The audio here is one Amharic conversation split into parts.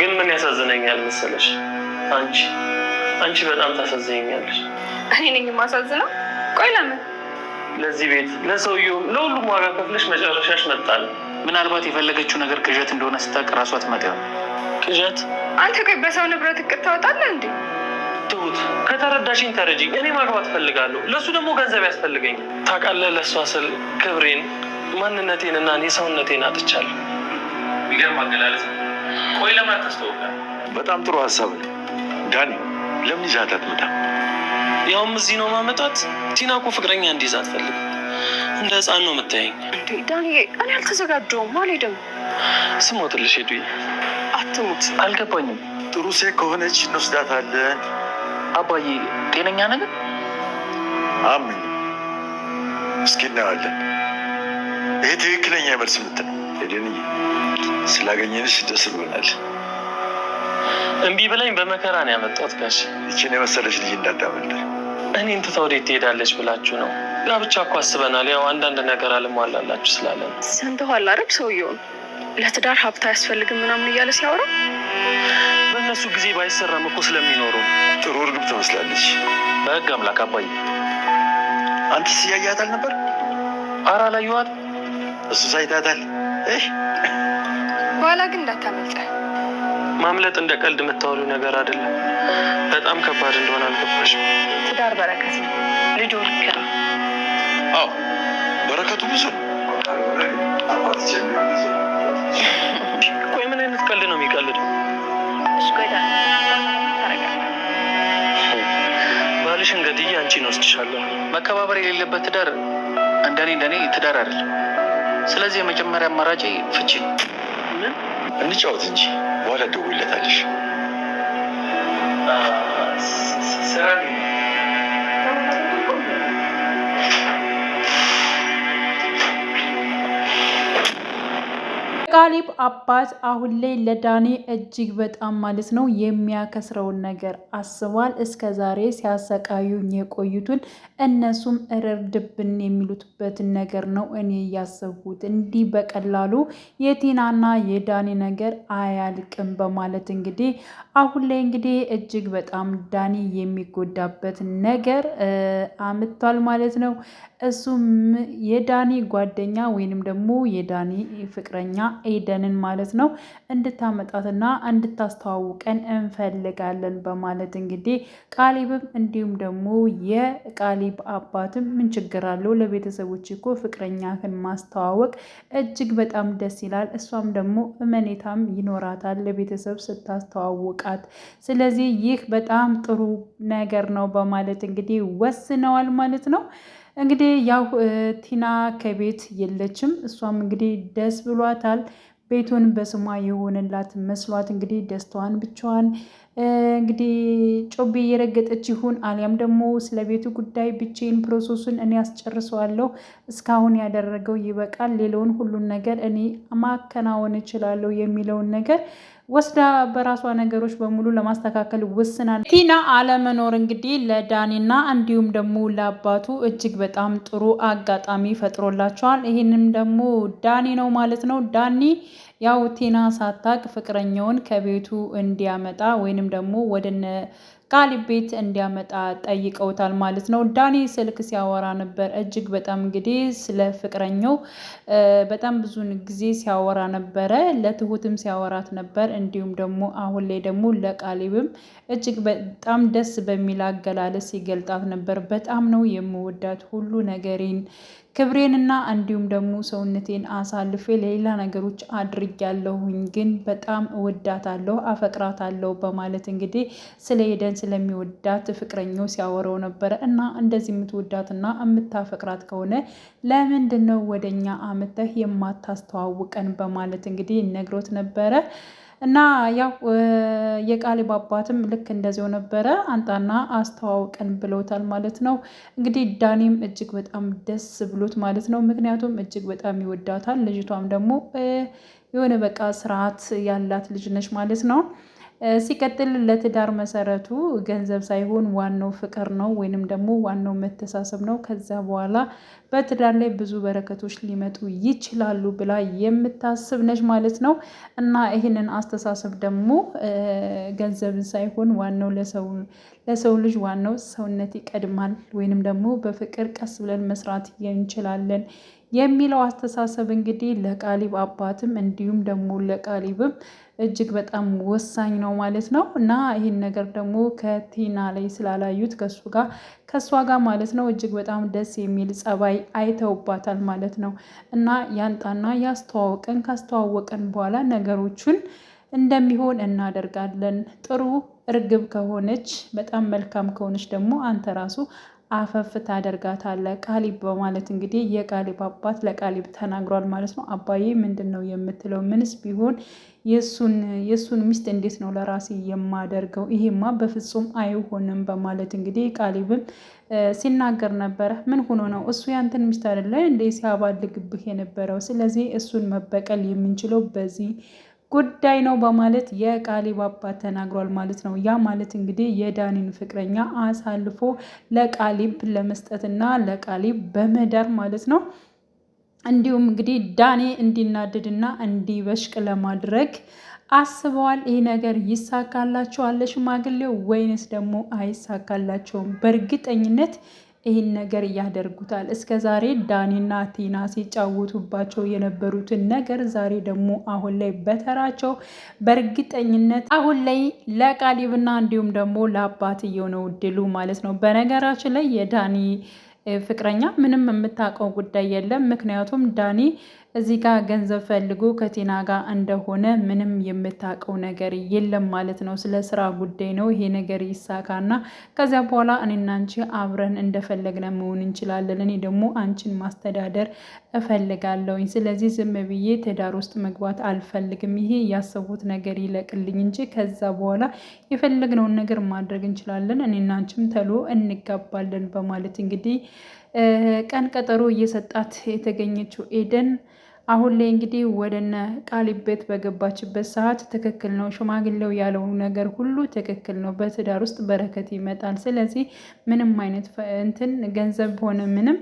ግን ምን ያሳዝነኛል መሰለሽ? አንቺ አንቺ በጣም ታሳዝኛለሽ። እኔ ነኝ የማሳዝነው? ቆይ ለምን? ለዚህ ቤት ለሰውየውም ለሁሉም ዋጋ ከፍለሽ መጨረሻሽ መጣል። ምናልባት የፈለገችው ነገር ቅዠት እንደሆነ ስታቅ ራሷ ትመጣ ቅዠት? አንተ ቆይ በሰው ንብረት እቅድ ታወጣለህ እንዴ? ትሁት ከተረዳሽኝ ተረጂ። እኔ ማግባት ፈልጋለሁ፣ ለእሱ ደግሞ ገንዘብ ያስፈልገኛል። ታውቃለህ፣ ለእሷ ስል ክብሬን፣ ማንነቴን እና እኔ ሰውነቴን አጥቻለሁ። ሚገርም አገላለጽ ቆይ ለማን ታስተውቃል? በጣም ጥሩ ሀሳብ ነው ዳኒ። ለምን ይዛት አትመጣ? ያውም እዚህ ነው ማመጣት። ቲና እኮ ፍቅረኛ እንዲይዝ አትፈልግም። እንደ ህፃን ነው የምታየኝ። ዳኒ፣ እኔ አልተዘጋጀውም። አልሄድም። ስሞትልሽ ሄዱ። አትሙት። አልገባኝም። ጥሩ ሴት ከሆነች እንወስዳታለን። አባዬ ጤነኛ ነገር አምኝ። እስኪ እናያለን። ይሄ ትክክለኛ መልስ ምትነው? ነው። ሄደን ስላገኘንሽ ደስ ብሎናል። እምቢ ብላኝ በመከራ ነው ያመጣት ጋሽ። ይችን የመሰለች ልጅ እንዳታመልጥ። እኔን ትታ ወዴት ትሄዳለች ብላችሁ ነው? ጋብቻ እኮ አስበናል። ያው አንዳንድ ነገር አልሟላላችሁ ስላለ ሰምተዋል አይደል? ሰውየውን ለትዳር ሀብት አያስፈልግም ምናምን እያለ ሲያወራ በእነሱ ጊዜ ባይሰራም እኮ ስለሚኖሩ ጥሩ እርግብ ትመስላለች። በህግ አምላክ አባዬ፣ አንተ ስያያታል ነበር? አራ ላዩዋል እሱ ሳይታታል በኋላ ግን እንዳታመልጠ። ማምለጥ እንደ ቀልድ የምታወሉ ነገር አይደለም። በጣም ከባድ እንደሆነ አልገባሽም። ትዳር በረከት ነው። ልጆ ልክ ነው። አዎ በረከቱ ብዙ ነው። ቆይ ምን አይነት ቀልድ ነው የሚቀልድ? ባልሽ እንግዲህ አንቺን ወስድሻለሁ። መከባበር የሌለበት ትዳር እንደኔ እንደኔ ትዳር አይደለም። ስለዚህ የመጀመሪያ አማራጭ ፍቺ። እንጫወት እንጂ በኋላ ደውይለታለሽ። የቃሊብ አባት አሁን ላይ ለዳኔ እጅግ በጣም ማለት ነው የሚያከስረውን ነገር አስቧል። እስከ ዛሬ ሲያሰቃዩኝ የቆዩትን እነሱም እረርድብን የሚሉትበትን ነገር ነው እኔ እያሰብኩት። እንዲህ በቀላሉ የቲናና የዳኔ ነገር አያልቅም በማለት እንግዲህ አሁን ላይ እንግዲህ እጅግ በጣም ዳኔ የሚጎዳበት ነገር አምቷል ማለት ነው። እሱም የዳኔ ጓደኛ ወይንም ደግሞ የዳኔ ፍቅረኛ ኤደንን ማለት ነው እንድታመጣትና እንድታስተዋውቀን እንፈልጋለን በማለት እንግዲህ ቃሊብም እንዲሁም ደግሞ የቃሊብ አባትም ምን ችግር አለው ለቤተሰቦች እኮ ፍቅረኛህን ማስተዋወቅ እጅግ በጣም ደስ ይላል። እሷም ደግሞ እመኔታም ይኖራታል ለቤተሰብ ስታስተዋውቃት። ስለዚህ ይህ በጣም ጥሩ ነገር ነው በማለት እንግዲህ ወስነዋል ማለት ነው። እንግዲህ ያው ቲና ከቤት የለችም። እሷም እንግዲህ ደስ ብሏታል። ቤቱን በስሟ የሆነላት መስሏት እንግዲህ ደስታዋን ብቻዋን እንግዲህ ጮቤ የረገጠች ይሁን አሊያም ደግሞ ስለ ቤቱ ጉዳይ ብቼን ፕሮሰሱን እኔ አስጨርሰዋለሁ፣ እስካሁን ያደረገው ይበቃል፣ ሌላውን ሁሉን ነገር እኔ ማከናወን እችላለሁ የሚለውን ነገር ወስዳ በራሷ ነገሮች በሙሉ ለማስተካከል ወስናል። ቲና አለመኖር እንግዲህ ለዳኒና እንዲሁም ደግሞ ለአባቱ እጅግ በጣም ጥሩ አጋጣሚ ፈጥሮላቸዋል። ይህንም ደግሞ ዳኒ ነው ማለት ነው። ዳኒ ያው ቲና ሳታቅ ፍቅረኛውን ከቤቱ እንዲያመጣ ወይንም ደግሞ ወደነ ካሌብ ቤት እንዲያመጣ ጠይቀውታል ማለት ነው። ዳኒ ስልክ ሲያወራ ነበር። እጅግ በጣም እንግዲህ ስለ ፍቅረኛው በጣም ብዙ ጊዜ ሲያወራ ነበረ። ለትሁትም ሲያወራት ነበር። እንዲሁም ደግሞ አሁን ላይ ደግሞ ለቃሊብም እጅግ በጣም ደስ በሚል አገላለጽ ይገልጣት ነበር። በጣም ነው የምወዳት ሁሉ ነገሬን ክብሬንና እንዲሁም ደግሞ ሰውነቴን አሳልፌ ለሌላ ነገሮች አድርጊያለሁኝ፣ ግን በጣም እወዳታለሁ፣ አፈቅራታለሁ በማለት እንግዲህ ስለ ኤደን ስለሚወዳት ፍቅረኛው ሲያወራው ነበረ እና እንደዚህ የምትወዳትና የምታፈቅራት ከሆነ ለምንድን ነው ወደኛ አምተህ የማታስተዋውቀን? በማለት እንግዲህ ነግሮት ነበረ። እና ያው የቃሊብ አባትም ልክ እንደዚው ነበረ አንጣና አስተዋውቀን ብለውታል ማለት ነው። እንግዲህ ዳኒም እጅግ በጣም ደስ ብሎት ማለት ነው። ምክንያቱም እጅግ በጣም ይወዳታል። ልጅቷም ደግሞ የሆነ በቃ ስርዓት ያላት ልጅ ነች ማለት ነው። ሲቀጥል ለትዳር መሰረቱ ገንዘብ ሳይሆን ዋናው ፍቅር ነው፣ ወይንም ደግሞ ዋናው መተሳሰብ ነው። ከዛ በኋላ በትዳር ላይ ብዙ በረከቶች ሊመጡ ይችላሉ ብላ የምታስብ ነች ማለት ነው። እና ይህንን አስተሳሰብ ደግሞ ገንዘብን ሳይሆን ዋናው ለሰው ልጅ ዋናው ሰውነት ይቀድማል፣ ወይንም ደግሞ በፍቅር ቀስ ብለን መስራት እንችላለን የሚለው አስተሳሰብ እንግዲህ ለቃሊብ አባትም እንዲሁም ደግሞ ለቃሊብም እጅግ በጣም ወሳኝ ነው ማለት ነው እና ይህን ነገር ደግሞ ከቲና ላይ ስላላዩት ከሱ ጋር ከእሷ ጋር ማለት ነው እጅግ በጣም ደስ የሚል ጸባይ አይተውባታል ማለት ነው እና ያንጣና ያስተዋወቀን ካስተዋወቀን በኋላ ነገሮቹን እንደሚሆን እናደርጋለን። ጥሩ እርግብ ከሆነች በጣም መልካም ከሆነች ደግሞ አንተ ራሱ አፈፍ ታደርጋታለህ ቃሊብ በማለት እንግዲህ የቃሊብ አባት ለቃሊብ ተናግሯል ማለት ነው። አባዬ ምንድን ነው የምትለው? ምንስ ቢሆን የእሱን ሚስት እንዴት ነው ለራሴ የማደርገው? ይሄማ በፍጹም አይሆንም በማለት እንግዲህ ቃሊብም ሲናገር ነበረ። ምን ሆኖ ነው እሱ ያንተን ሚስት አይደለ እንደ ሲያባልግብህ የነበረው? ስለዚህ እሱን መበቀል የምንችለው በዚህ ጉዳይ ነው በማለት የቃሊብ አባት ተናግሯል ማለት ነው። ያ ማለት እንግዲህ የዳኒን ፍቅረኛ አሳልፎ ለቃሊብ ለመስጠትና ለቃሊብ በመዳር ማለት ነው። እንዲሁም እንግዲህ ዳኔ እንዲናደድና እንዲበሽቅ ለማድረግ አስበዋል። ይህ ነገር ይሳካላቸዋል ሽማግሌው ወይንስ ደግሞ አይሳካላቸውም? በእርግጠኝነት ይህን ነገር እያደርጉታል። እስከ ዛሬ ዳኒና ቲና ሲጫወቱባቸው የነበሩትን ነገር ዛሬ ደግሞ አሁን ላይ በተራቸው በእርግጠኝነት አሁን ላይ ለቃሊብና እንዲሁም ደግሞ ለአባትየው ነው ድሉ ማለት ነው። በነገራችን ላይ የዳኒ ፍቅረኛ ምንም የምታውቀው ጉዳይ የለም። ምክንያቱም ዳኒ እዚህ ጋር ገንዘብ ፈልጎ ከቴና ጋር እንደሆነ ምንም የምታውቀው ነገር የለም ማለት ነው። ስለ ስራ ጉዳይ ነው ይሄ ነገር ይሳካና ከዚያ በኋላ እኔና አንቺ አብረን እንደፈለግነ መሆን እንችላለን። እኔ ደግሞ አንቺን ማስተዳደር እፈልጋለሁኝ። ስለዚህ ዝም ብዬ ትዳር ውስጥ መግባት አልፈልግም። ይሄ ያሰቡት ነገር ይለቅልኝ እንጂ ከዛ በኋላ የፈለግነውን ነገር ማድረግ እንችላለን። እኔና አንቺም ተሎ እንጋባለን በማለት እንግዲህ ቀን ቀጠሮ እየሰጣት የተገኘችው ኤደን አሁን ላይ እንግዲህ ወደነ ቃሊብ ቤት በገባችበት ሰዓት ትክክል ነው፣ ሽማግሌው ያለው ነገር ሁሉ ትክክል ነው። በትዳር ውስጥ በረከት ይመጣል። ስለዚህ ምንም አይነት እንትን ገንዘብ ሆነ ምንም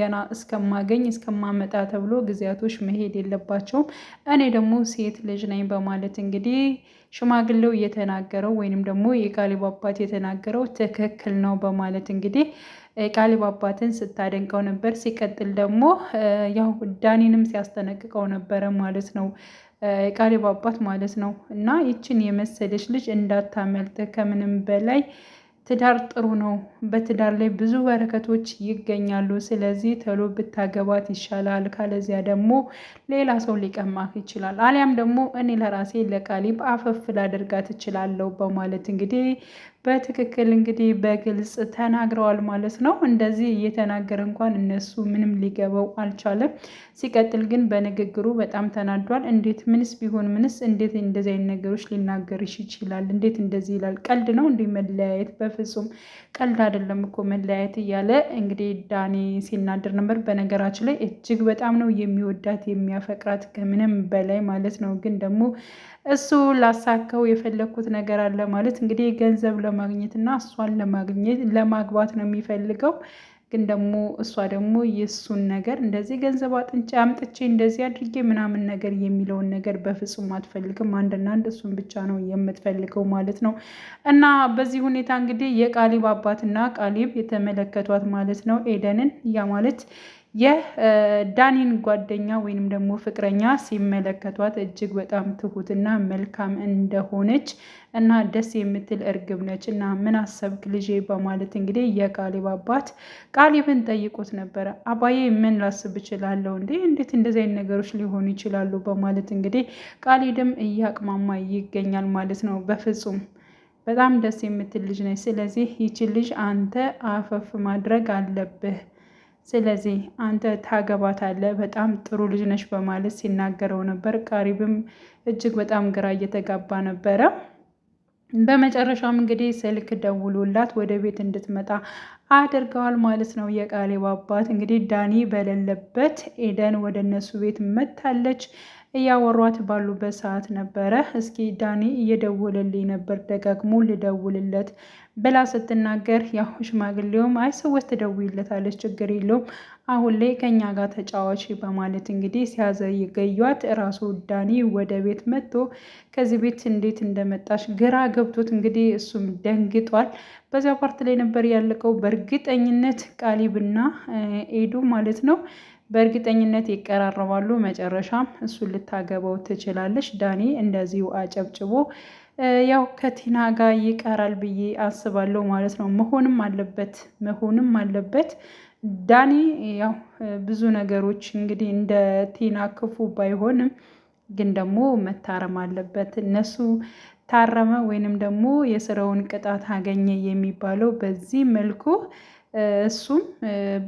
ገና እስከማገኝ እስከማመጣ ተብሎ ጊዜያቶች መሄድ የለባቸውም። እኔ ደግሞ ሴት ልጅ ነኝ በማለት እንግዲህ ሽማግሌው የተናገረው ወይንም ደግሞ የቃሊብ አባት የተናገረው ትክክል ነው በማለት እንግዲህ ቃሊብ አባትን ስታደንቀው ነበር። ሲቀጥል ደግሞ ያው ዳኒንም ሲያስጠነቅቀው ነበረ ማለት ነው ቃሊብ አባት ማለት ነው። እና ይችን የመሰለች ልጅ እንዳታመልጥ ከምንም በላይ ትዳር ጥሩ ነው። በትዳር ላይ ብዙ በረከቶች ይገኛሉ። ስለዚህ ቶሎ ብታገባት ይሻላል። ካለዚያ ደግሞ ሌላ ሰው ሊቀማህ ይችላል። አሊያም ደግሞ እኔ ለራሴ ለቃሊብ አፈፍ ላደርጋት እችላለሁ በማለት እንግዲህ በትክክል እንግዲህ በግልጽ ተናግረዋል ማለት ነው። እንደዚህ እየተናገረ እንኳን እነሱ ምንም ሊገባው አልቻለም። ሲቀጥል ግን በንግግሩ በጣም ተናዷል። እንዴት ምንስ ቢሆን ምንስ እንዴት እንደዚህ አይነት ነገሮች ሊናገርሽ ይችላል? እንዴት እንደዚህ ይላል? ቀልድ ነው እንዲህ መለያየት በፍጹም ቀልድ አይደለም እኮ መለያየት እያለ እንግዲህ ዳኒ ሲናደር ነበር። በነገራችን ላይ እጅግ በጣም ነው የሚወዳት የሚያፈቅራት ከምንም በላይ ማለት ነው። ግን ደግሞ እሱ ላሳካው የፈለግኩት ነገር አለ ማለት እንግዲህ ገንዘብ ለማግኘት እና እሷን ለማግኘት ለማግባት ነው የሚፈልገው ግን ደግሞ እሷ ደግሞ የእሱን ነገር እንደዚህ ገንዘብ አጥንቼ አምጥቼ እንደዚህ አድርጌ ምናምን ነገር የሚለውን ነገር በፍጹም አትፈልግም። አንድና አንድ እሱን ብቻ ነው የምትፈልገው ማለት ነው። እና በዚህ ሁኔታ እንግዲህ የቃሊብ አባትና ቃሊብ የተመለከቷት ማለት ነው ኤደንን ያ ማለት የዳኒን ጓደኛ ወይንም ደግሞ ፍቅረኛ ሲመለከቷት እጅግ በጣም ትሁትና መልካም እንደሆነች እና ደስ የምትል እርግብ ነች እና ምን አሰብክ ልጄ በማለት እንግዲህ የቃሊብ አባት ቃሊብን ጠይቆት ነበረ። አባዬ ምን ላስብ እችላለሁ እንዴ? እንዴት እንደዚህ አይነት ነገሮች ሊሆኑ ይችላሉ? በማለት እንግዲህ ቃሊድም እያቅማማ ይገኛል ማለት ነው። በፍጹም በጣም ደስ የምትል ልጅ ነች። ስለዚህ ይቺ ልጅ አንተ አፈፍ ማድረግ አለብህ ስለዚህ አንተ ታገባታለህ፣ በጣም ጥሩ ልጅ ነሽ በማለት ሲናገረው ነበር። ቃሪብም እጅግ በጣም ግራ እየተጋባ ነበረ። በመጨረሻም እንግዲህ ስልክ ደውሎላት ወደ ቤት እንድትመጣ አድርገዋል ማለት ነው። የቃሌብ አባት እንግዲህ ዳኒ በሌለበት ኤደን ወደ እነሱ ቤት መታለች። እያወሯት ባሉበት ሰዓት ነበረ እስኪ ዳኒ እየደወለልኝ ነበር ደጋግሞ ልደውልለት ብላ ስትናገር፣ ያው ሽማግሌውም አይ ሰዎች ትደውይለታለች ችግር የለውም አሁን ላይ ከኛ ጋር ተጫዋች በማለት እንግዲህ ይገዩት እራሱ ዳኒ ወደ ቤት መጥቶ ከዚህ ቤት እንዴት እንደመጣሽ ግራ ገብቶት እንግዲህ እሱም ደንግጧል። በዚያ ፓርት ላይ ነበር ያለቀው። በእርግጠኝነት ቃሊብና ኤዱ ማለት ነው በእርግጠኝነት ይቀራረባሉ። መጨረሻም እሱን ልታገባው ትችላለች። ዳኒ እንደዚሁ አጨብጭቦ ያው ከቲና ጋር ይቀራል ብዬ አስባለሁ ማለት ነው። መሆንም አለበት መሆንም አለበት። ዳኒ ያው ብዙ ነገሮች እንግዲህ እንደ ቲና ክፉ ባይሆንም ግን ደግሞ መታረም አለበት። እነሱ ታረመ ወይንም ደግሞ የስራውን ቅጣት አገኘ የሚባለው በዚህ መልኩ እሱም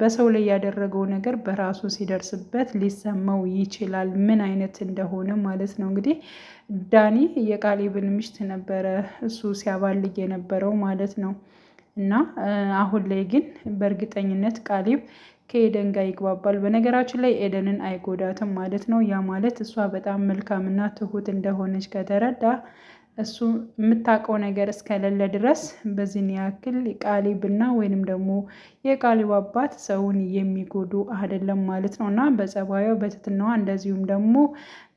በሰው ላይ ያደረገው ነገር በራሱ ሲደርስበት ሊሰማው ይችላል፣ ምን አይነት እንደሆነ ማለት ነው። እንግዲህ ዳኒ የቃሊብን ምሽት ነበረ እሱ ሲያባልግ የነበረው ማለት ነው። እና አሁን ላይ ግን በእርግጠኝነት ቃሌብ ከኤደን ጋር ይግባባል። በነገራችን ላይ ኤደንን አይጎዳትም ማለት ነው። ያ ማለት እሷ በጣም መልካምና ትሁት እንደሆነች ከተረዳ እሱ የምታውቀው ነገር እስከሌለ ድረስ በዚህን ያክል ቃሊብና ወይንም ደግሞ የቃሊብ አባት ሰውን የሚጎዱ አይደለም ማለት ነው እና በጸባዩ በትትናዋ እንደዚሁም ደግሞ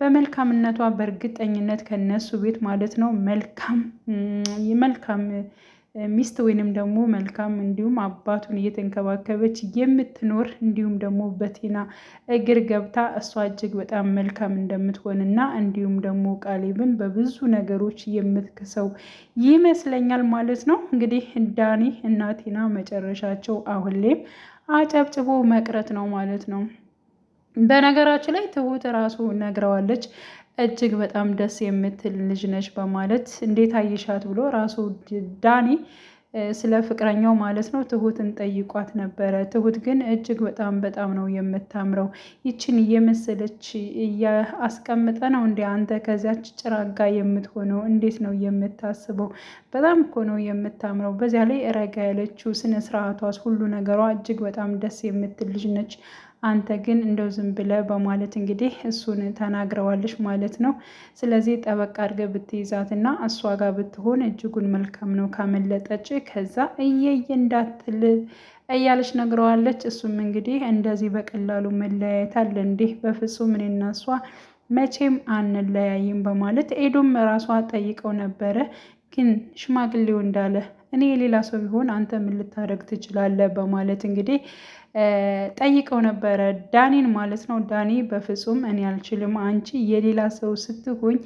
በመልካምነቷ በእርግጠኝነት ከነሱ ቤት ማለት ነው መልካም መልካም ሚስት ወይንም ደግሞ መልካም እንዲሁም አባቱን እየተንከባከበች የምትኖር እንዲሁም ደግሞ በቴና እግር ገብታ እሷ እጅግ በጣም መልካም እንደምትሆን ና እንዲሁም ደግሞ ቃሌብን በብዙ ነገሮች የምትክሰው ይመስለኛል ማለት ነው። እንግዲህ ዳኒ እና ቴና መጨረሻቸው አሁን ላይም አጨብጭቦ መቅረት ነው ማለት ነው። በነገራችን ላይ ትሁት ራሱ ነግረዋለች እጅግ በጣም ደስ የምትል ልጅ ነች በማለት እንዴት አይሻት ብሎ ራሱ ዳኒ ስለ ፍቅረኛው ማለት ነው ትሁትን ጠይቋት ነበረ። ትሁት ግን እጅግ በጣም በጣም ነው የምታምረው። ይችን እየመሰለች አስቀምጠ ነው እንደ አንተ ከዚያች ጭራጋ የምትሆነው እንዴት ነው የምታስበው? በጣም እኮ ነው የምታምረው። በዚያ ላይ ረጋ ያለችው ስነ ሁሉ ነገሯ እጅግ በጣም ደስ የምትል ልጅ ነች። አንተ ግን እንደው ዝም ብለህ በማለት እንግዲህ እሱን ተናግረዋለች ማለት ነው። ስለዚህ ጠበቅ አድርገህ ብትይዛትና እሷ ጋር ብትሆን እጅጉን መልካም ነው ካመለጠች ከዛ እየየ እንዳትል እያለች ነግረዋለች። እሱም እንግዲህ እንደዚህ በቀላሉ መለያየት አለ እንዲህ በፍጹም እኔና እሷ መቼም አንለያይም በማለት ኤዱም ራሷ ጠይቀው ነበረ። ግን ሽማግሌው እንዳለ እኔ የሌላ ሰው ቢሆን አንተ ምን ልታደርግ ትችላለህ? በማለት እንግዲህ ጠይቀው ነበረ ዳኒን ማለት ነው። ዳኒ በፍጹም እኔ አልችልም፣ አንቺ የሌላ ሰው ስትሆኝ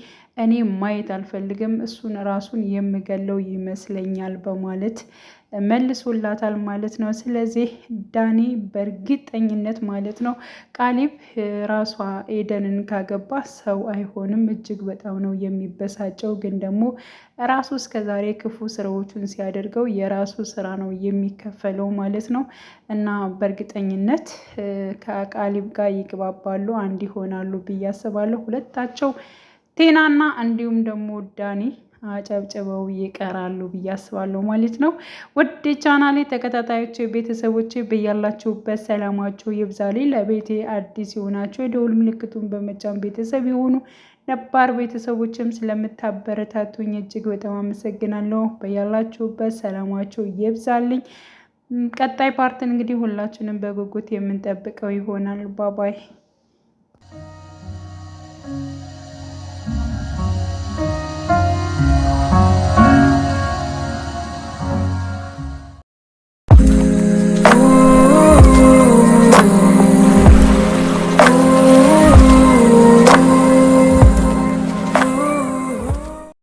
እኔ ማየት አልፈልግም፣ እሱን ራሱን የምገለው ይመስለኛል በማለት መልሶላታል ማለት ነው። ስለዚህ ዳኒ በእርግጠኝነት ማለት ነው ቃሊብ ራሷ ኤደንን ካገባ ሰው አይሆንም። እጅግ በጣም ነው የሚበሳጨው። ግን ደግሞ ራሱ እስከዛሬ ክፉ ስራዎቹን ሲያደርገው የራሱ ስራ ነው የሚከፈለው ማለት ነው እና በእርግጠኝነት ከቃሊብ ጋር ይግባባሉ፣ አንድ ይሆናሉ ብዬ አስባለሁ ሁለታቸው ቴናና እንዲሁም ደግሞ ዳኒ አጨብጭበው ይቀራሉ ብዬ አስባለሁ ማለት ነው። ወደ ቻናሌ ተከታታዮች ቤተሰቦች በያላችሁበት ሰላማችሁ ይብዛልኝ። ለቤቴ አዲስ የሆናችሁ የደውል ምልክቱን በመጫን ቤተሰብ የሆኑ ነባር ቤተሰቦችም ስለምታበረታቱኝ እጅግ በጣም አመሰግናለሁ። በያላችሁበት ሰላማችሁ ይብዛልኝ። ቀጣይ ፓርትን እንግዲህ ሁላችንም በጉጉት የምንጠብቀው ይሆናል። ባባይ